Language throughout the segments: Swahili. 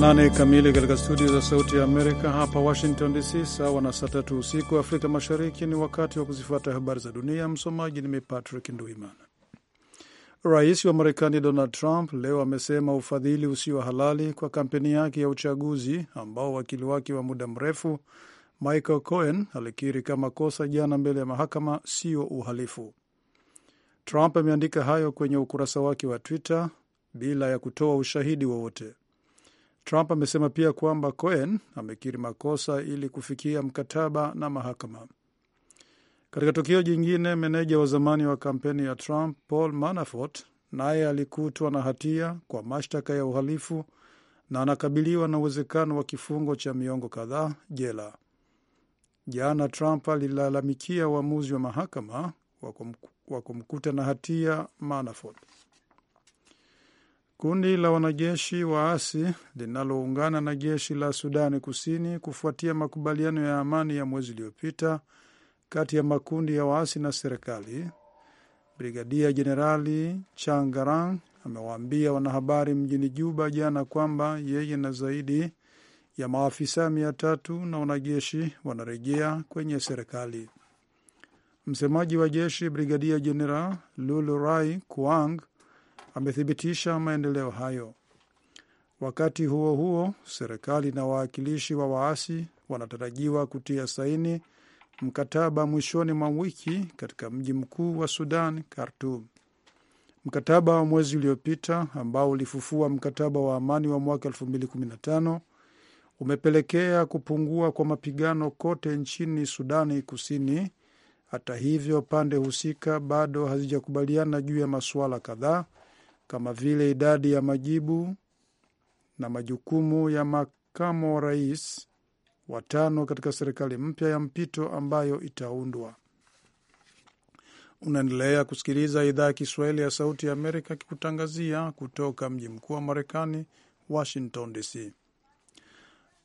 Saa 8 kamili katika studio za Sauti ya Amerika hapa Washington DC, sawa na saa tatu usiku Afrika Mashariki. Ni wakati wa kuzifuata habari za dunia. Msomaji ni mimi Patrick Nduimana. Rais wa Marekani Donald Trump leo amesema ufadhili usio halali kwa kampeni yake ya uchaguzi ambao wakili wake wa muda mrefu Michael Cohen alikiri kama kosa jana mbele ya mahakama sio uhalifu. Trump ameandika hayo kwenye ukurasa wake wa Twitter bila ya kutoa ushahidi wowote. Trump amesema pia kwamba Cohen amekiri makosa ili kufikia mkataba na mahakama. Katika tukio jingine, meneja wa zamani wa kampeni ya Trump Paul Manafort naye alikutwa na hatia kwa mashtaka ya uhalifu na anakabiliwa na uwezekano wa kifungo cha miongo kadhaa jela. Jana Trump alilalamikia uamuzi wa mahakama wa kumkuta na hatia Manafort. Kundi la wanajeshi waasi linaloungana na jeshi la Sudani Kusini kufuatia makubaliano ya amani ya mwezi uliopita kati ya makundi ya waasi na serikali. Brigadia Jenerali changaran amewaambia wanahabari mjini Juba jana kwamba yeye na zaidi ya maafisa mia tatu na wanajeshi wanarejea kwenye serikali. Msemaji wa jeshi Brigadia Jeneral lulurai Kuang amethibitisha maendeleo hayo. Wakati huo huo, serikali na wawakilishi wa waasi wanatarajiwa kutia saini mkataba mwishoni mwa wiki katika mji mkuu wa Sudan, Khartum. Mkataba wa mwezi uliopita ambao ulifufua mkataba wa amani wa mwaka 2015 umepelekea kupungua kwa mapigano kote nchini Sudani Kusini. Hata hivyo, pande husika bado hazijakubaliana juu ya masuala kadhaa kama vile idadi ya majibu na majukumu ya makamo wa rais watano katika serikali mpya ya mpito ambayo itaundwa. Unaendelea kusikiliza idhaa ya Kiswahili ya Sauti ya Amerika kikutangazia kutoka mji mkuu wa Marekani, Washington DC.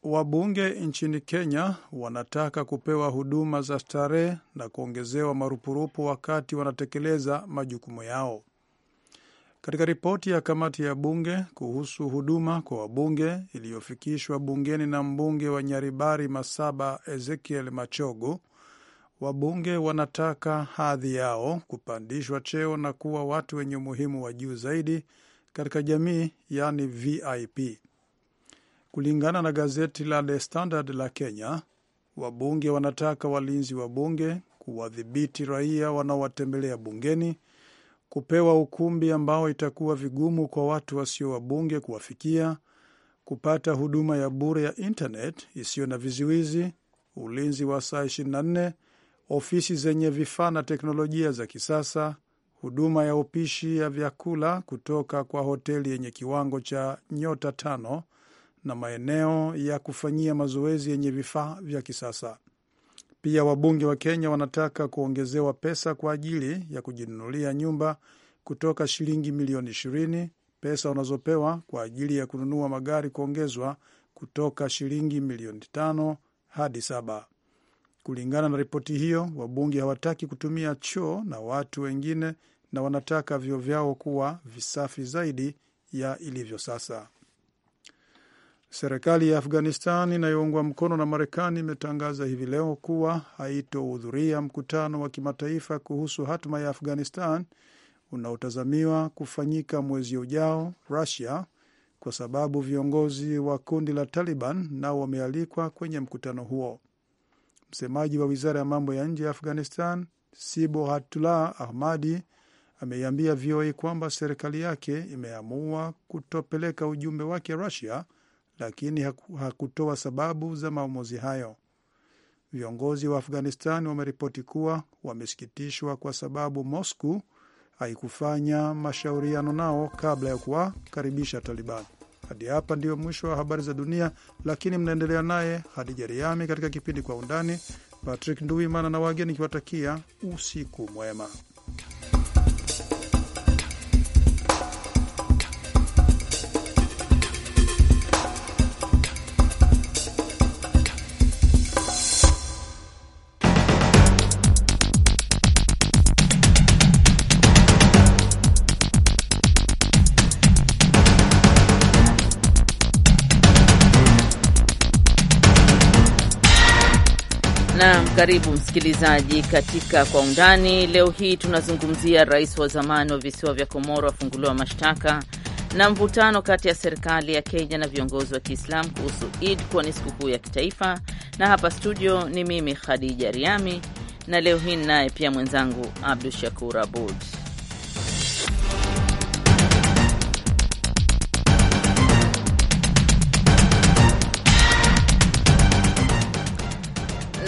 Wabunge nchini Kenya wanataka kupewa huduma za starehe na kuongezewa marupurupu wakati wanatekeleza majukumu yao katika ripoti ya kamati ya bunge kuhusu huduma kwa wabunge iliyofikishwa bungeni na mbunge wa Nyaribari Masaba Ezekiel Machogu, wabunge wanataka hadhi yao kupandishwa cheo na kuwa watu wenye umuhimu wa juu zaidi katika jamii, yani VIP. Kulingana na gazeti la The Standard la Kenya, wabunge wanataka walinzi wa bunge kuwadhibiti raia wanaowatembelea bungeni kupewa ukumbi ambao itakuwa vigumu kwa watu wasio wabunge kuwafikia, kupata huduma ya bure ya intanet isiyo na vizuizi, ulinzi wa saa 24, ofisi zenye vifaa na teknolojia za kisasa, huduma ya upishi ya vyakula kutoka kwa hoteli yenye kiwango cha nyota tano na maeneo ya kufanyia mazoezi yenye vifaa vya kisasa. Pia wabunge wa Kenya wanataka kuongezewa pesa kwa ajili ya kujinunulia nyumba kutoka shilingi milioni ishirini. Pesa wanazopewa kwa ajili ya kununua magari kuongezwa kutoka shilingi milioni tano hadi saba. Kulingana na ripoti hiyo, wabunge hawataki kutumia choo na watu wengine, na wanataka vyoo vyao kuwa visafi zaidi ya ilivyo sasa. Serikali ya Afghanistan inayoungwa mkono na Marekani imetangaza hivi leo kuwa haitohudhuria mkutano wa kimataifa kuhusu hatima ya Afghanistan unaotazamiwa kufanyika mwezi ujao Russia, kwa sababu viongozi wa kundi la Taliban nao wamealikwa kwenye mkutano huo. Msemaji wa wizara ya mambo ya nje ya Afghanistan, Sibo Ahmadi, ameiambia VOA kwamba serikali yake imeamua kutopeleka ujumbe wake Russia lakini hakutoa sababu za maamuzi hayo. Viongozi wa Afghanistan wameripoti kuwa wamesikitishwa kwa sababu Moscow haikufanya mashauriano nao kabla ya kuwakaribisha Taliban. Hadi hapa ndiyo mwisho wa habari za dunia, lakini mnaendelea naye Hadija Riami katika kipindi Kwa Undani. Patrick Nduimana na wageni nikiwatakia usiku mwema. Karibu msikilizaji katika Kwa Undani. Leo hii tunazungumzia rais wa zamani wa visiwa vya Komoro afunguliwa mashtaka na mvutano kati ya serikali ya Kenya na viongozi wa Kiislamu kuhusu id kuwa ni sikukuu ya kitaifa. Na hapa studio ni mimi Khadija Riami, na leo hii ninaye pia mwenzangu Abdu Shakur Abud.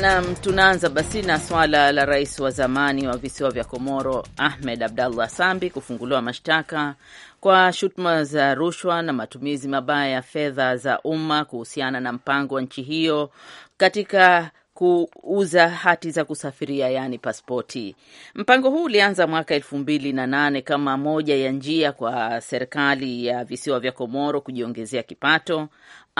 Naam, tunaanza basi na swala la rais wa zamani wa visiwa vya Komoro Ahmed Abdallah Sambi kufunguliwa mashtaka kwa shutuma za rushwa na matumizi mabaya ya fedha za umma kuhusiana na mpango wa nchi hiyo katika kuuza hati za kusafiria yaani paspoti Mpango huu ulianza mwaka elfu mbili na nane kama moja ya njia kwa serikali ya visiwa vya Komoro kujiongezea kipato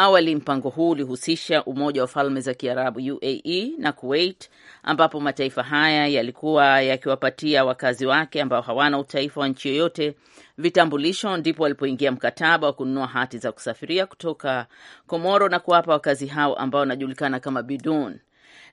Awali mpango huu ulihusisha Umoja wa Falme za Kiarabu UAE na Kuwait, ambapo mataifa haya yalikuwa yakiwapatia wakazi wake ambao hawana utaifa wa nchi yoyote vitambulisho, ndipo walipoingia mkataba wa kununua hati za kusafiria kutoka Komoro na kuwapa wakazi hao ambao wanajulikana kama bidun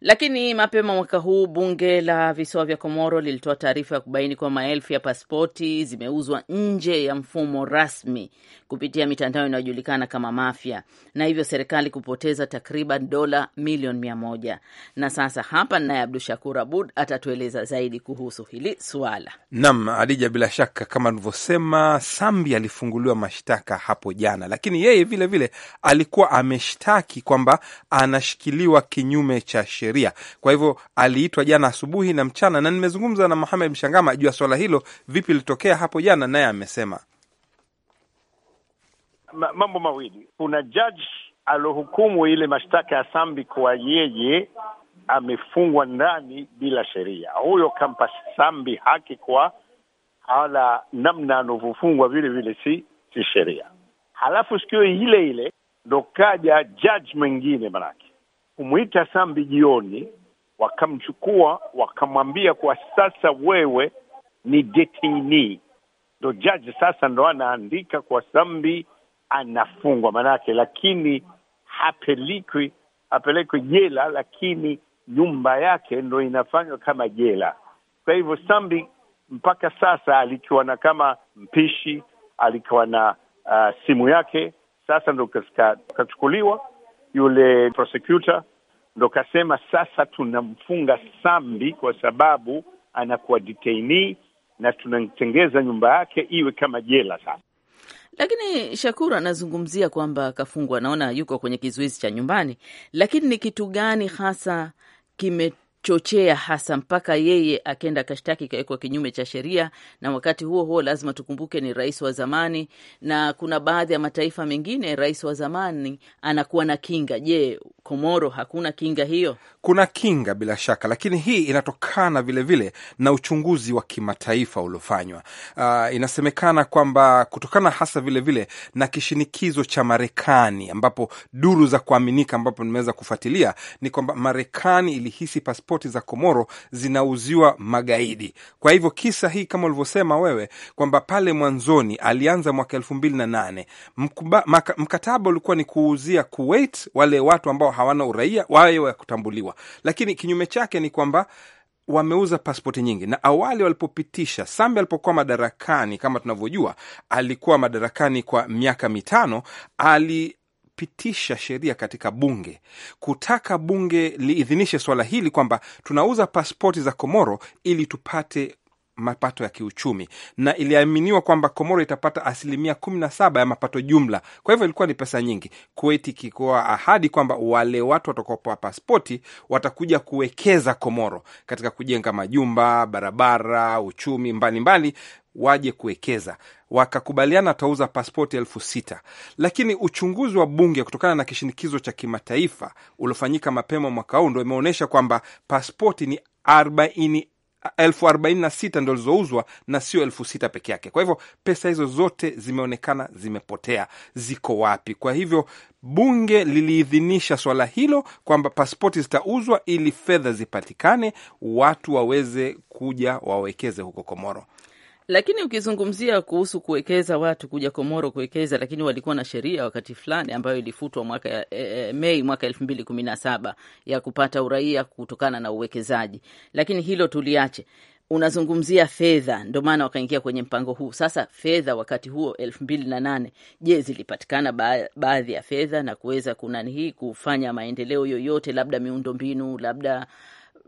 lakini mapema mwaka huu bunge la visiwa vya Komoro lilitoa taarifa ya kubaini kuwa maelfu ya paspoti zimeuzwa nje ya mfumo rasmi kupitia mitandao inayojulikana kama Mafia, na hivyo serikali kupoteza takriban dola milioni mia moja. Na sasa hapa naye Abdu Shakur Abud atatueleza zaidi kuhusu hili suala. Naam, Adija, bila shaka kama alivyosema Sambi alifunguliwa mashtaka hapo jana, lakini yeye vilevile vile alikuwa ameshtaki kwamba anashikiliwa kinyume cha sheria sheria. Kwa hivyo aliitwa jana asubuhi na mchana, na nimezungumza na Mohamed Mshangama juu ya swala hilo, vipi ilitokea hapo jana, naye amesema mambo mawili. Kuna jaji aliohukumu ile mashtaka ya Sambi kwa yeye amefungwa ndani bila sheria. Huyo kampa Sambi haki kwa hala namna anavyofungwa vile vile, si si sheria. Halafu sikuyo ile ile ndo kaja jaji mwingine manake kumwita Sambi jioni, wakamchukua wakamwambia kwa sasa wewe ni detainee. Ndo jaji sasa ndo anaandika kwa Sambi anafungwa manake, lakini hapelekwi hapelekwi jela, lakini nyumba yake ndo inafanywa kama jela. Kwa hivyo Sambi mpaka sasa alikiwa na kama mpishi, alikuwa na uh, simu yake, sasa ndo kachukuliwa yule prosecutor ndo kasema sasa tunamfunga Sambi kwa sababu anakuwa detainee na tunatengeza nyumba yake iwe kama jela sasa. Lakini Shakur anazungumzia kwamba kafungwa, naona yuko kwenye kizuizi cha nyumbani, lakini ni kitu gani hasa kime chochea hasa mpaka yeye akenda kashtaki kawekwa kinyume cha sheria. Na wakati huo huo lazima tukumbuke ni rais wa zamani, na kuna baadhi ya mataifa mengine rais wa zamani anakuwa na kinga. Je, Komoro hakuna kinga hiyo? Kuna kinga bila shaka, lakini hii inatokana vilevile vile na uchunguzi wa kimataifa uliofanywa. Uh, inasemekana kwamba kutokana hasa vilevile vile na kishinikizo cha Marekani, ambapo duru za kuaminika, ambapo nimeweza kufuatilia ni kwamba Marekani ilihisi paspoti za Komoro zinauziwa magaidi. Kwa hivyo kisa hii kama ulivyosema wewe kwamba pale mwanzoni alianza mwaka elfu mbili na nane mkataba ulikuwa ni kuuzia Kuwait wale watu ambao hawana uraia wawe wa kutambuliwa. Lakini kinyume chake ni kwamba wameuza paspoti nyingi, na awali walipopitisha, Sambe alipokuwa madarakani, kama tunavyojua, alikuwa madarakani kwa miaka mitano, ali pitisha sheria katika bunge kutaka bunge liidhinishe swala hili kwamba tunauza paspoti za Komoro ili tupate mapato ya kiuchumi, na iliaminiwa kwamba Komoro itapata asilimia kumi na saba ya mapato jumla. Kwa hivyo ilikuwa ni pesa nyingi. Kuwait ikikoa ahadi kwamba wale watu watakaopewa paspoti watakuja kuwekeza Komoro katika kujenga majumba, barabara, uchumi mbalimbali mbali, waje kuwekeza wakakubaliana watauza paspoti elfu sita lakini uchunguzi wa bunge kutokana na kishinikizo cha kimataifa uliofanyika mapema mwaka huu ndo imeonyesha kwamba paspoti ni arobaini elfu arobaini na sita ndo zilizouzwa na sio elfu sita peke yake. Kwa hivyo pesa hizo zote zimeonekana zimepotea, ziko wapi? Kwa hivyo bunge liliidhinisha swala hilo kwamba pasipoti zitauzwa ili fedha zipatikane, watu waweze kuja wawekeze huko Komoro. Lakini ukizungumzia kuhusu kuwekeza watu kuja Komoro kuwekeza, lakini walikuwa na sheria wakati fulani ambayo ilifutwa mwaka e, Mei mwaka elfu mbili kumi na saba ya kupata uraia kutokana na uwekezaji, lakini hilo tuliache. Unazungumzia fedha, ndo maana wakaingia kwenye mpango huu. Sasa fedha wakati huo elfu mbili na nane, je, zilipatikana ba baadhi ya fedha na kuweza kunani hii kufanya maendeleo yoyote, labda miundombinu, labda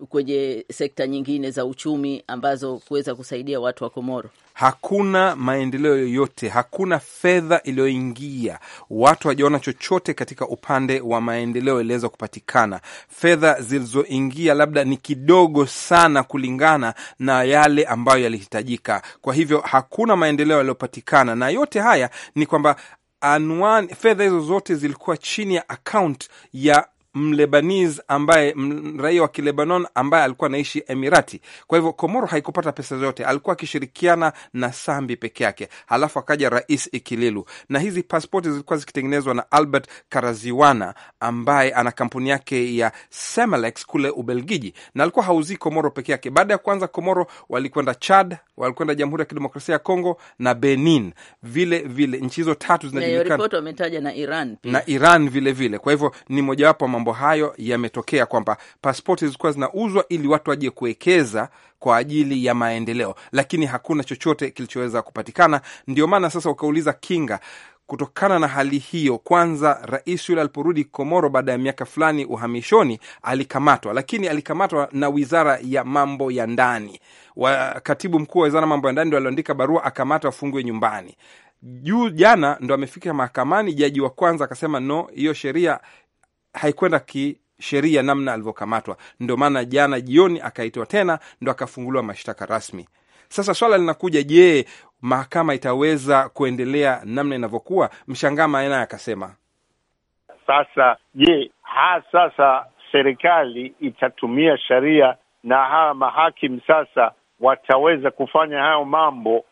kwenye sekta nyingine za uchumi ambazo kuweza kusaidia watu wa Komoro. Hakuna maendeleo yoyote, hakuna fedha iliyoingia, watu hawajaona chochote katika upande wa maendeleo iliweza kupatikana. Fedha zilizoingia labda ni kidogo sana kulingana na yale ambayo yalihitajika, kwa hivyo hakuna maendeleo yaliyopatikana, na yote haya ni kwamba anwani fedha hizo zote zilikuwa chini ya akaunti ya mlebanis ambaye raia wa Kilebanon ambaye alikuwa anaishi Emirati. Kwa hivyo Komoro haikupata pesa zote, alikuwa akishirikiana na Sambi peke yake. Halafu akaja Rais Ikililu, na hizi paspoti zilikuwa zikitengenezwa na Albert Karaziwana ambaye ana kampuni yake ya Semalex kule Ubelgiji, na alikuwa hauzii Komoro peke yake. Baada ya kuanza Komoro walikwenda Chad, walikwenda Jamhuri ya Kidemokrasia ya Kongo na Benin, vile vile nchi hizo tatu zinajulikana, wametaja na Iran pia, na Iran vile vile. Kwa hivyo ni mojawapo mambo hayo yametokea kwamba pasipoti zilikuwa zinauzwa ili watu waje kuwekeza kwa ajili ya maendeleo, lakini hakuna chochote kilichoweza kupatikana. Ndio maana sasa ukauliza kinga Kutokana na hali hiyo, kwanza rais yule aliporudi Komoro baada ya miaka fulani uhamishoni, alikamatwa, lakini alikamatwa na wizara ya mambo ya ndani. Katibu mkuu wa wizara ya mambo ya ndani ndo alioandika barua, akamatwa afungwe nyumbani. Juu jana ndo amefika mahakamani, jaji wa kwanza akasema no, hiyo sheria haikwenda ki sheria namna alivyokamatwa. Ndio maana jana jioni akaitwa tena, ndo akafunguliwa mashtaka rasmi. Sasa swala linakuja, je, mahakama itaweza kuendelea namna inavyokuwa? Mshangama naye akasema, sasa je, ha sasa serikali itatumia sheria na hawa mahakimu sasa wataweza kufanya hayo mambo uh,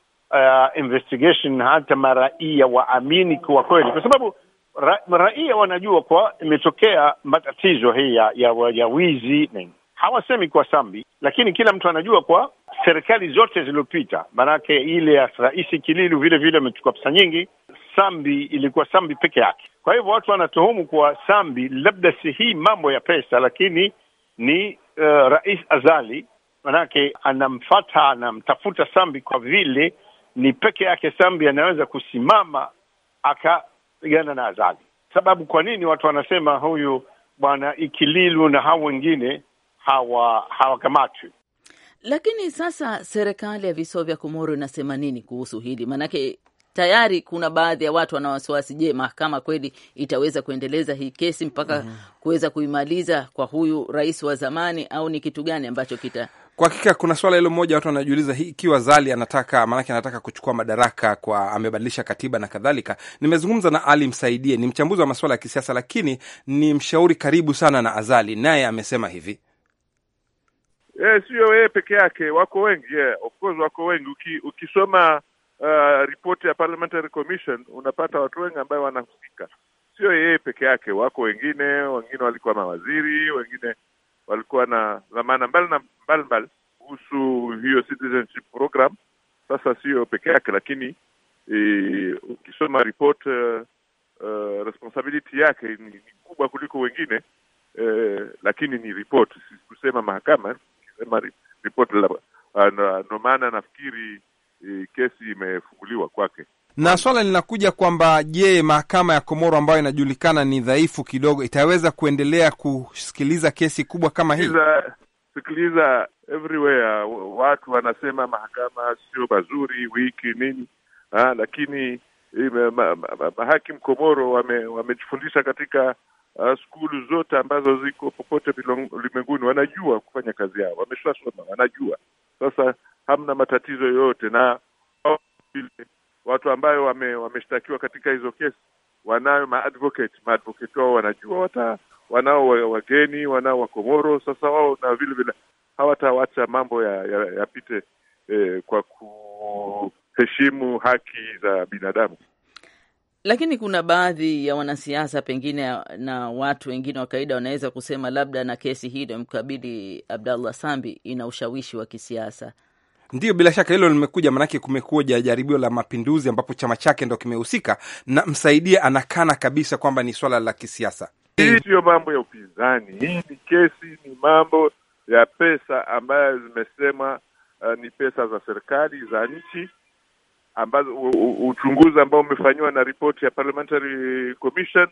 investigation hata maraia waamini kuwa kweli, kwa sababu ra, raia wanajua kwa imetokea matatizo hii ya, ya, ya wizi nini. Hawasemi kwa sambi, lakini kila mtu anajua kwa serikali zote zilizopita, maanake ile ya Rais Kililu vile vile amechukua pesa nyingi. Sambi ilikuwa Sambi peke yake. Kwa hivyo watu wanatuhumu kuwa Sambi labda si hii mambo ya pesa, lakini ni uh, Rais Azali manake anamfata anamtafuta Sambi kwa vile ni peke yake Sambi anaweza kusimama akapigana na Azali. Sababu kwa nini watu wanasema huyu bwana Ikililu na hao wengine hawa hawakamatwi? Lakini sasa serikali ya visiwa vya Komoro inasema nini kuhusu hili? Maanake tayari kuna baadhi ya watu wana wasiwasi. Je, mahakama kweli itaweza kuendeleza hii kesi mpaka mm, kuweza kuimaliza kwa huyu rais wa zamani, au ni kitu gani ambacho kita kwa hakika kuna swala hilo moja, watu wanajiuliza ikiwa Zali anataka maanake, anataka kuchukua madaraka kwa, amebadilisha katiba na kadhalika. Nimezungumza na Ali Msaidie, ni mchambuzi wa masuala ya kisiasa, lakini ni mshauri karibu sana na Azali, naye amesema hivi eh, siyo yeye peke yake, wako wengi yeah, of course wako wengi. Uki, ukisoma uh, ripoti ya Parliamentary Commission unapata watu wengi ambayo wanahusika, sio yeye peke yake, wako wengine. Wengine walikuwa mawaziri, wengine walikuwa na dhamana mbali na mbalimbali kuhusu hiyo citizenship program. Sasa siyo peke yake, lakini e, ukisoma report uh, uh, responsibility yake ni, ni kubwa kuliko wengine uh, lakini ni report, kusema mahakama kusema ripoti la ah, ndio maana nafikiri e, kesi imefunguliwa kwake. Na swala linakuja kwamba je, mahakama ya Komoro ambayo inajulikana ni dhaifu kidogo itaweza kuendelea kusikiliza kesi kubwa kama hii? Sikiliza, everywhere watu wanasema mahakama sio mazuri wiki nini ha, ah, lakini eh, ma, ma, ma, Komoro wamejifundisha wame katika uh, ah, skulu zote ambazo ziko popote ulimwenguni wanajua kufanya kazi yao, wameshasoma, wanajua. Sasa hamna matatizo yoyote na watu ambayo wame, wameshtakiwa katika hizo kesi wanayo maadvocate, maadvocate wao wanajua wata, wanao wageni, wanao Wakomoro. Sasa wao na vile vile hawatawacha mambo yapite ya, ya eh, kwa kuheshimu haki za binadamu. Lakini kuna baadhi ya wanasiasa pengine na watu wengine wa kawaida wanaweza kusema labda na kesi hii inayomkabili Abdallah Sambi ina ushawishi wa kisiasa. ndio bila shaka hilo limekuja, maanake kumekuja jaribio la mapinduzi ambapo chama chake ndo kimehusika, na msaidia anakana kabisa kwamba ni swala la kisiasa. Hii siyo mambo ya upinzani, hii ni kesi, ni mambo ya pesa ambayo zimesema, uh, ni pesa za serikali za nchi ambazo uchunguzi ambao umefanyiwa na ripoti ya Parliamentary Commission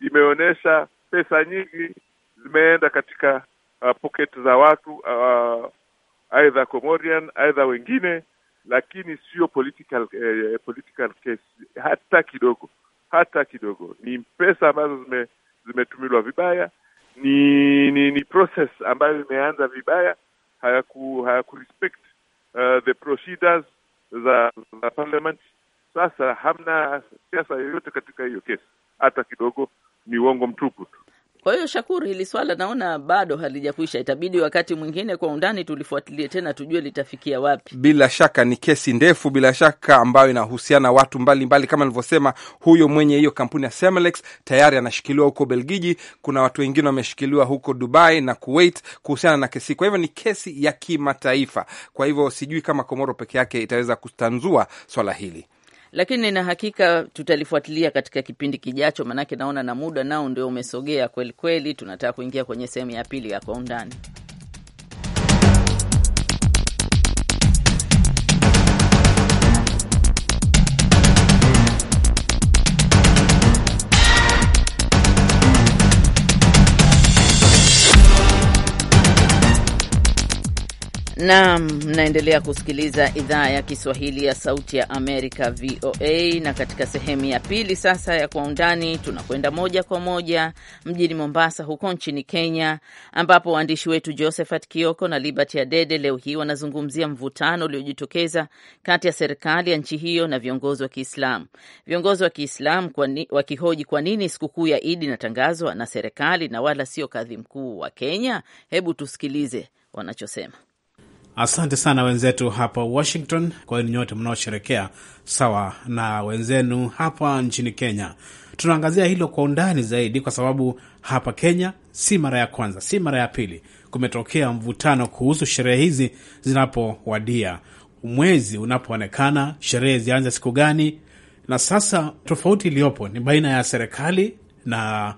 imeonyesha pesa nyingi zimeenda katika uh, pocket za watu uh, either Comorian either wengine, lakini sio political uh, political case hata kidogo, hata kidogo. Ni pesa ambazo zime, zimetumilwa vibaya, ni ni, ni process ambayo imeanza vibaya, hayaku hayaku respect uh, the procedures za za parliament. Sasa hamna siasa yoyote katika hiyo kesi, hata kidogo, ni uongo mtupu tu. Kwa hiyo Shakuri, hili swala naona bado halijakwisha, itabidi wakati mwingine kwa undani tulifuatilie tena, tujue litafikia wapi. Bila shaka ni kesi ndefu, bila shaka ambayo inahusiana watu mbalimbali mbali. Kama nilivyosema, huyo mwenye hiyo kampuni ya Semlex tayari anashikiliwa huko Belgiji, kuna watu wengine wameshikiliwa huko Dubai na Kuwait kuhusiana na kesi. Kwa hivyo ni kesi ya kimataifa, kwa hivyo sijui kama Komoro peke yake itaweza kustanzua swala hili lakini nina hakika tutalifuatilia katika kipindi kijacho, maanake naona na muda nao ndio umesogea kwelikweli. Tunataka kuingia kwenye sehemu ya pili ya kwa undani. Naam, mnaendelea kusikiliza idhaa ya Kiswahili ya Sauti ya Amerika, VOA. Na katika sehemu ya pili sasa ya Kwa Undani, tunakwenda moja kwa moja mjini Mombasa, huko nchini Kenya, ambapo waandishi wetu Josephat Kioko na Liberty Adede leo hii wanazungumzia mvutano uliojitokeza kati ya serikali ya nchi hiyo na viongozi wa Kiislamu, viongozi wa Kiislamu wakihoji kwa nini sikukuu ya Idi inatangazwa na serikali na wala sio kadhi mkuu wa Kenya. Hebu tusikilize wanachosema. Asante sana wenzetu hapa Washington, kwa hiyo nyote mnaosherekea sawa na wenzenu hapa nchini Kenya. Tunaangazia hilo kwa undani zaidi, kwa sababu hapa Kenya si mara ya kwanza, si mara ya pili kumetokea mvutano kuhusu sherehe hizi zinapowadia, mwezi unapoonekana, sherehe zianze siku gani. Na sasa tofauti iliyopo ni baina ya serikali na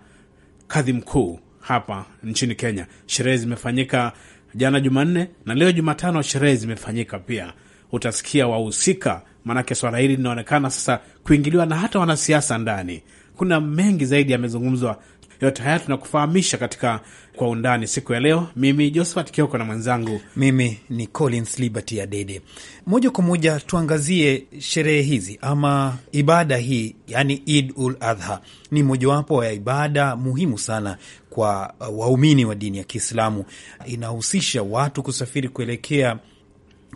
kadhi mkuu hapa nchini Kenya. Sherehe zimefanyika jana Jumanne na leo Jumatano sherehe zimefanyika pia. Utasikia wahusika, maanake swala hili linaonekana sasa kuingiliwa na hata wanasiasa ndani. Kuna mengi zaidi yamezungumzwa, yote haya tunakufahamisha katika Kwa Undani siku ya leo. Mimi Josephat Kioko na mwenzangu mimi ni Collins Liberty Adede. Moja kwa moja tuangazie sherehe hizi ama ibada hii, yani Id ul Adha ni mojawapo ya ibada muhimu sana kwa waumini wa dini ya Kiislamu inahusisha watu kusafiri kuelekea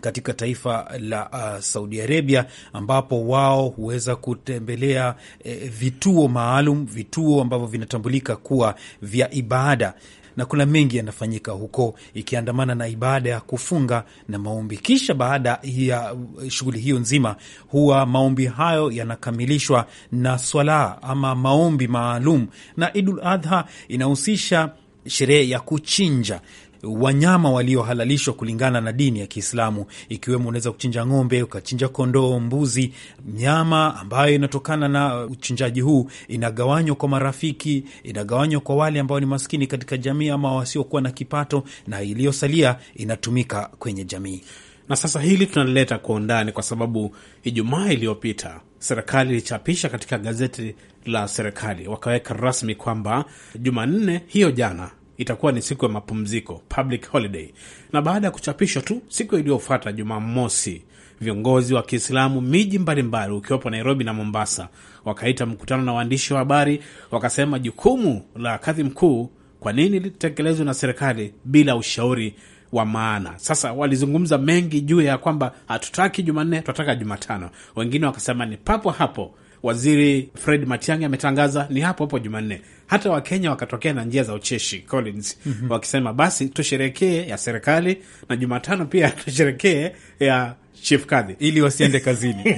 katika taifa la uh, Saudi Arabia ambapo wao huweza kutembelea eh, vituo maalum, vituo ambavyo vinatambulika kuwa vya ibada na kuna mengi yanafanyika huko, ikiandamana na ibada ya kufunga na maombi. Kisha baada ya shughuli hiyo nzima, huwa maombi hayo yanakamilishwa na swala ama maombi maalum, na Idul Adha inahusisha sherehe ya kuchinja wanyama waliohalalishwa kulingana na dini ya Kiislamu, ikiwemo unaweza kuchinja ng'ombe, ukachinja kondoo, mbuzi. Nyama ambayo inatokana na uchinjaji huu inagawanywa kwa marafiki, inagawanywa kwa wale ambao ni maskini katika jamii ama wasiokuwa na kipato, na iliyosalia inatumika kwenye jamii. Na sasa hili tunalileta kwa undani kwa sababu Ijumaa iliyopita serikali ilichapisha katika gazeti la serikali, wakaweka rasmi kwamba Jumanne hiyo jana itakuwa ni siku ya mapumziko, public holiday. Na baada ya kuchapishwa tu siku iliyofuata Jumamosi, viongozi wa Kiislamu miji mbalimbali ukiwapo Nairobi na Mombasa wakaita mkutano na waandishi wa habari, wakasema jukumu la kadhi mkuu kwa nini litekelezwe na serikali bila ushauri wa maana. Sasa walizungumza mengi juu ya kwamba hatutaki Jumanne, tunataka Jumatano. Wengine wakasema ni papo hapo Waziri Fred Matiang'i ametangaza ni hapo hapo Jumanne. Hata Wakenya wakatokea na njia za ucheshi Collins, mm -hmm. wakisema basi tusherekee ya serikali na Jumatano pia tusherekee ya chief kadhi ili wasiende kazini.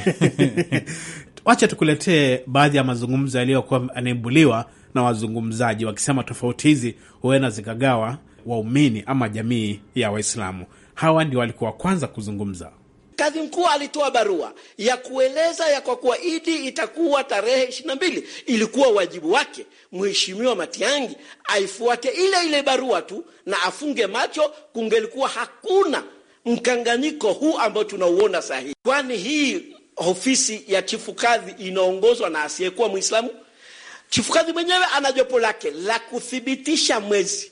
Wacha tukuletee baadhi ya mazungumzo yaliyokuwa anaibuliwa na wazungumzaji wakisema tofauti hizi huenda zikagawa waumini ama jamii ya Waislamu. Hawa ndio walikuwa kwanza kuzungumza. Kadhi mkuu alitoa barua ya kueleza ya kwa kuwa Idi itakuwa tarehe ishirini na mbili. Ilikuwa wajibu wake Mheshimiwa Matiangi aifuate ile ile barua tu na afunge macho. Kungelikuwa hakuna mkanganyiko huu ambao tunauona sahihi kwani hii ofisi ya chifu kadhi inaongozwa na asiyekuwa Mwislamu. Chifu kadhi mwenyewe ana jopo lake la kuthibitisha mwezi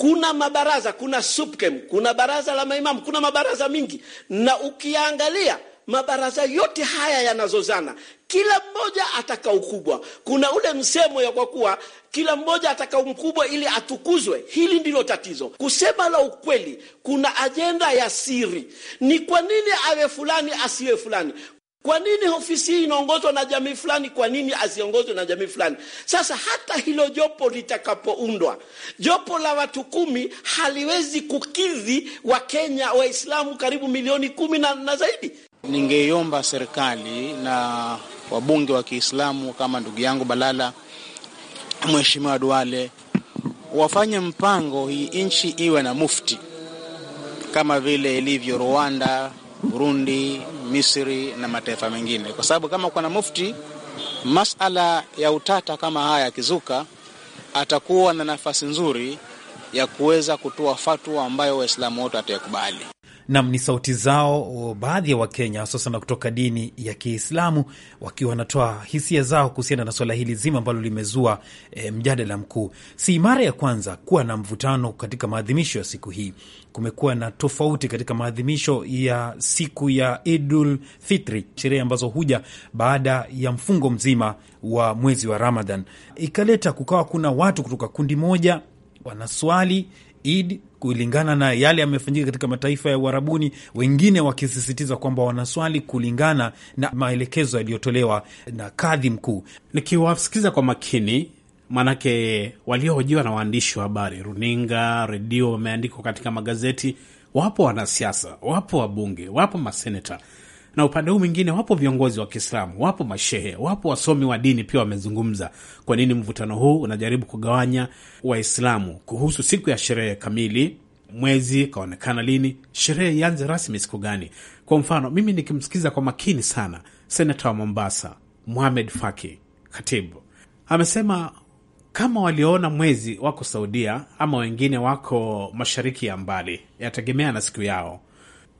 kuna mabaraza, kuna SUPKEM, kuna baraza la maimamu, kuna mabaraza mingi, na ukiangalia mabaraza yote haya yanazozana, kila mmoja ataka ukubwa. Kuna ule msemo ya kwa kuwa kila mmoja ataka mkubwa ili atukuzwe. Hili ndilo tatizo. Kusema la ukweli, kuna ajenda ya siri. Ni kwa nini awe fulani asiwe fulani? Kwa nini ofisi hii inaongozwa na jamii fulani? Kwa nini asiongozwe na jamii fulani? Sasa hata hilo jopo litakapoundwa, jopo la watu kumi haliwezi kukidhi Wakenya Waislamu karibu milioni kumi na, na zaidi. Ningeiomba serikali na wabunge wa Kiislamu kama ndugu yangu Balala, Mheshimiwa Duale wafanye mpango hii nchi iwe na mufti kama vile ilivyo Rwanda Burundi, Misri na mataifa mengine, kwa sababu kama kuna mufti, masala ya utata kama haya yakizuka, atakuwa na nafasi nzuri ya kuweza kutoa fatwa ambayo Waislamu wote watayakubali. Nam ni sauti zao baadhi ya Wakenya hususan kutoka dini ya Kiislamu wakiwa wanatoa hisia zao kuhusiana na swala hili zima ambalo limezua e, mjadala mkuu. Si mara ya kwanza kuwa na mvutano katika maadhimisho ya siku hii. Kumekuwa na tofauti katika maadhimisho ya siku ya Idul Fitri, sherehe ambazo huja baada ya mfungo mzima wa mwezi wa Ramadhan, ikaleta kukawa kuna watu kutoka kundi moja wanaswali Eid kulingana na yale yamefanyika katika mataifa ya Uarabuni, wengine wakisisitiza kwamba wanaswali kulingana na maelekezo yaliyotolewa na kadhi mkuu. Nikiwasikiza kwa makini, maanake waliohojiwa na waandishi wa habari, runinga, redio, wameandikwa katika magazeti, wapo wanasiasa, wapo wabunge, wapo maseneta na upande huu mwingine wapo viongozi wa Kiislamu, wapo mashehe, wapo wasomi wa dini pia wamezungumza. Kwa nini mvutano huu unajaribu kugawanya Waislamu kuhusu siku ya sherehe kamili? Mwezi kaonekana lini? Sherehe ianze rasmi siku gani? Kwa mfano, mimi nikimsikiza kwa makini sana senata wa Mombasa Muhamed Faki Katibu amesema kama waliona mwezi wako Saudia ama wengine wako mashariki ya mbali, yategemea na siku yao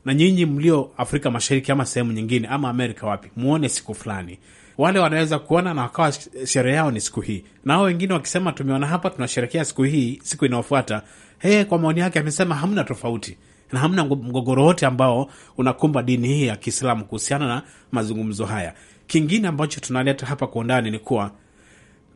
na nyinyi mlio Afrika Mashariki ama sehemu nyingine ama Amerika wapi, muone siku fulani. Wale wanaweza kuona na wakawa sherehe yao ni siku hii, na hao wengine wakisema tumeona hapa, tunasherekea siku hii, siku inayofuata. Hey, kwa maoni yake amesema hamna tofauti na hamna mgogoro wote ambao unakumba dini hii ya Kiislamu kuhusiana na mazungumzo haya. Kingine ambacho tunaleta hapa kwa undani ni kuwa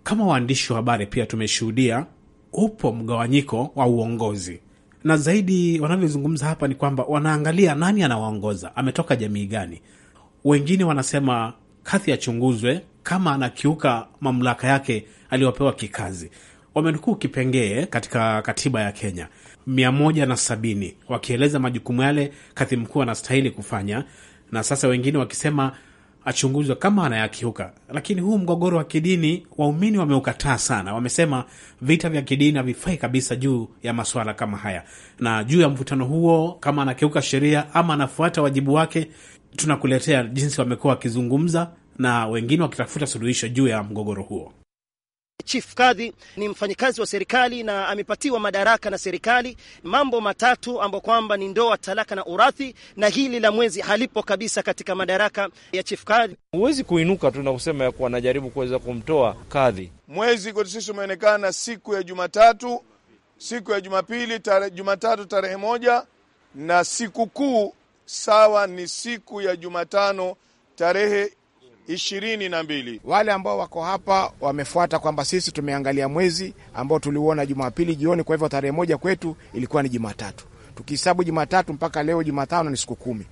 kama waandishi wa habari pia tumeshuhudia upo mgawanyiko wa uongozi na zaidi wanavyozungumza hapa ni kwamba wanaangalia nani anawaongoza, ametoka jamii gani. Wengine wanasema Kathi achunguzwe kama anakiuka mamlaka yake aliyopewa kikazi. Wamenukuu kipengee katika katiba ya Kenya mia moja na sabini wakieleza majukumu yale Kathi mkuu anastahili kufanya, na sasa wengine wakisema achunguzwe kama anayakiuka. Lakini huu mgogoro wa kidini, waumini wameukataa sana, wamesema vita vya kidini havifai kabisa juu ya masuala kama haya. Na juu ya mvutano huo, kama anakiuka sheria ama anafuata wajibu wake, tunakuletea jinsi wamekuwa wakizungumza na wengine wakitafuta suluhisho juu ya mgogoro huo. Chief Kadhi ni mfanyikazi wa serikali na amepatiwa madaraka na serikali, mambo matatu ambayo kwamba ni ndoa, talaka na urathi, na hili la mwezi halipo kabisa katika madaraka ya Chief Kadhi. Huwezi kuinuka tu na kusema ya kuwa anajaribu kuweza kumtoa kadhi. Mwezi kwetu sisi umeonekana siku ya Jumatatu, siku ya Jumapili, tare, Jumatatu tarehe moja na siku kuu sawa ni siku ya Jumatano tarehe ishirini na mbili. Wale ambao wako hapa wamefuata kwamba sisi tumeangalia mwezi ambao tuliuona Jumapili jioni, kwa hivyo tarehe moja kwetu ilikuwa ni Jumatatu. Tukihesabu Jumatatu mpaka leo Jumatano ni siku kumi.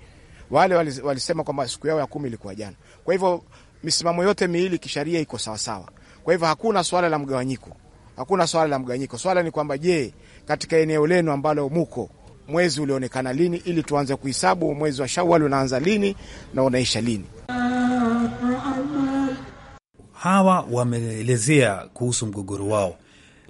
Wale walisema kwamba siku yao ya kumi ilikuwa jana. Kwa hivyo misimamo yote miwili kisheria iko sawasawa. Kwa hivyo hakuna swala la mgawanyiko, hakuna swala la mgawanyiko. Swala ni kwamba je, katika eneo lenu ambalo muko mwezi ulionekana lini, ili tuanze kuhesabu mwezi wa Shawali unaanza lini na unaisha lini. Hawa wameelezea kuhusu mgogoro wao,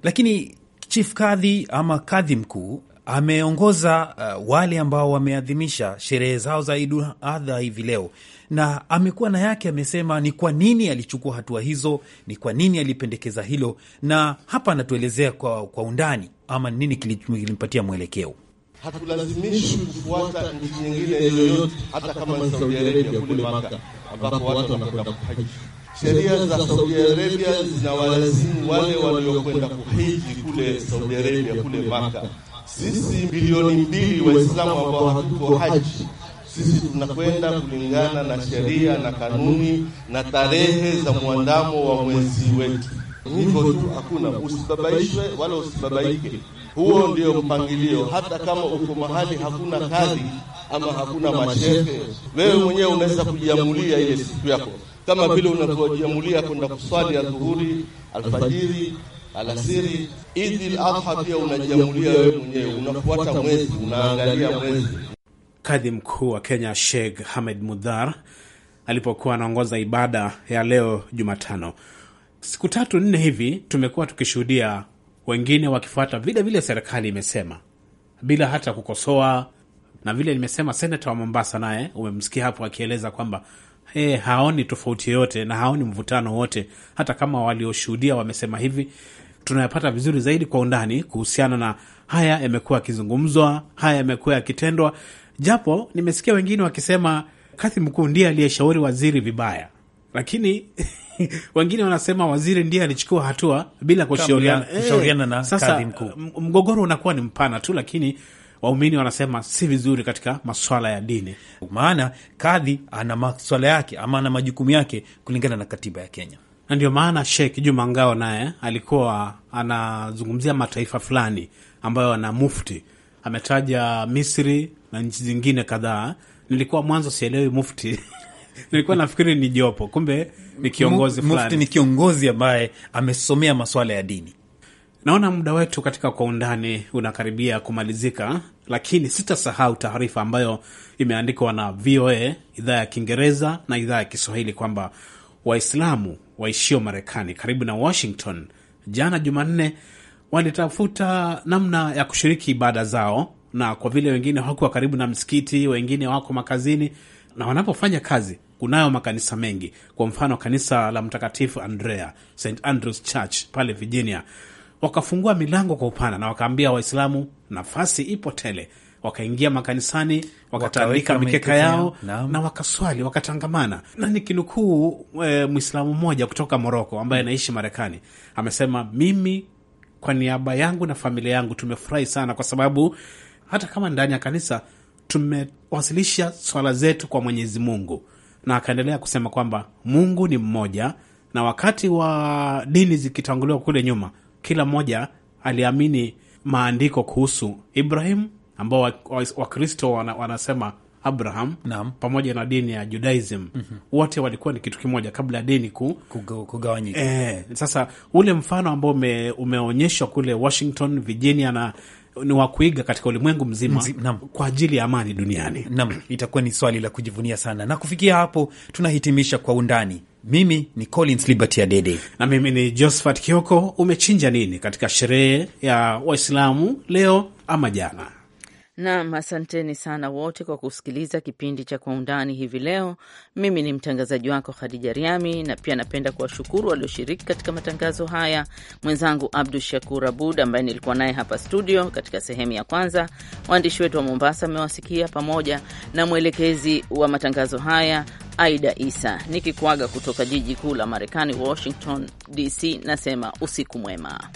lakini Chief Kadhi ama kadhi mkuu ameongoza uh, wale ambao wameadhimisha sherehe zao za Idul Adha hivi leo, na amekuwa na yake. Amesema ni kwa nini alichukua hatua hizo, ni kwa nini alipendekeza hilo, na hapa anatuelezea kwa, kwa undani ama nini kilimpatia mwelekeo hatulazimishi kufuata nchi nyingine yoyote, hata kama ni Saudi Arabia kule Maka ambapo watu wanakwenda kuhaji. Sheria za Saudi Arabia zinawalazimu wale waliokwenda kuhiji kule Saudi Arabia kule Maka. Sisi bilioni mbili Waislamu ambao hatuko haji sisi tunakwenda kulingana na sheria na kanuni na tarehe za mwandamo wa mwezi wetu. Hivyo tu, hakuna usibabaishwe wala usibabaike. Huo ndio mpangilio. Hata kama uko mahali hakuna kadhi ama hakuna mashehe, wewe mwenyewe unaweza kujiamulia ile siku yako, kama vile unavyojiamulia kwenda kuswali adhuhuri, alfajiri, alasiri. Idil adha pia unajiamulia wewe mwenyewe, unafuata mwezi, unaangalia mwezi. Kadhi mkuu wa Kenya Sheikh Hamed Mudhar alipokuwa anaongoza ibada ya leo Jumatano, siku tatu nne hivi tumekuwa tukishuhudia wengine wakifuata vile vile serikali imesema bila hata kukosoa. Na vile nimesema, senata wa Mombasa naye umemsikia hapo akieleza kwamba hey, haoni tofauti yoyote na haoni mvutano wote, hata kama walioshuhudia wamesema hivi. Tunayapata vizuri zaidi kwa undani kuhusiana na haya yamekuwa yakizungumzwa, haya yamekuwa yakitendwa, japo nimesikia wengine wakisema kathi mkuu ndiye aliyeshauri waziri vibaya lakini wengine wanasema waziri ndiye alichukua hatua bila kushauriana na eh, kadhi mkuu. Mgogoro unakuwa ni mpana tu, lakini waumini wanasema si vizuri katika maswala ya dini, maana kadhi ana maswala yake ama ana majukumu yake kulingana na katiba ya Kenya. Na ndio maana Sheikh Juma Ngao naye alikuwa anazungumzia mataifa fulani ambayo ana mufti, ametaja Misri na nchi zingine kadhaa. Nilikuwa mwanzo sielewi mufti nilikuwa nafikiri ni jopo, kumbe ni kiongozi fulani. ni kiongozi ambaye amesomea masuala ya dini. Naona muda wetu katika Kwa Undani unakaribia kumalizika, lakini sitasahau taarifa ambayo imeandikwa na VOA idhaa ya Kiingereza na idhaa ya Kiswahili kwamba Waislamu waishio Marekani karibu na Washington jana Jumanne walitafuta namna ya kushiriki ibada zao, na kwa vile wengine hawakuwa karibu na msikiti, wengine wako makazini, na wanapofanya kazi kunayo makanisa mengi, kwa mfano kanisa la Mtakatifu Andrea, St Andrews Church pale Virginia, wakafungua milango kwa upana na wakaambia Waislamu nafasi ipo tele. Wakaingia makanisani wakatandika mikeka yao na, wakaswali wakatangamana. Na nikinukuu e, eh, Mwislamu mmoja kutoka Moroko ambaye mm. anaishi Marekani amesema, mimi kwa niaba yangu na familia yangu tumefurahi sana, kwa sababu hata kama ndani ya kanisa tumewasilisha swala zetu kwa Mwenyezi Mungu, na akaendelea kusema kwamba Mungu ni mmoja, na wakati wa dini zikitanguliwa kule nyuma, kila mmoja aliamini maandiko kuhusu Ibrahim ambao Wakristo wa, wa wanasema Abraham Naam. pamoja na dini ya Judaism mm -hmm. wote walikuwa ni kitu kimoja kabla ya dini ku... kugawanyika. E, sasa ule mfano ambao ume, umeonyeshwa kule Washington, Virginia na ni wa kuiga katika ulimwengu mzima Mzi, kwa ajili ya amani duniani. Naam, itakuwa ni swali la kujivunia sana, na kufikia hapo tunahitimisha kwa undani. Mimi ni Collins Liberty Adede na mimi ni Josephat Kioko. Umechinja nini katika sherehe ya Waislamu leo ama jana? Naam, asanteni sana wote kwa kusikiliza kipindi cha Kwa Undani hivi leo. Mimi ni mtangazaji wako Khadija Riami, na pia napenda kuwashukuru walioshiriki katika matangazo haya, mwenzangu Abdu Shakur Abud ambaye nilikuwa naye hapa studio katika sehemu ya kwanza, waandishi wetu wa Mombasa amewasikia, pamoja na mwelekezi wa matangazo haya Aida Isa. Nikikuaga kutoka jiji kuu la Marekani, Washington DC, nasema usiku mwema.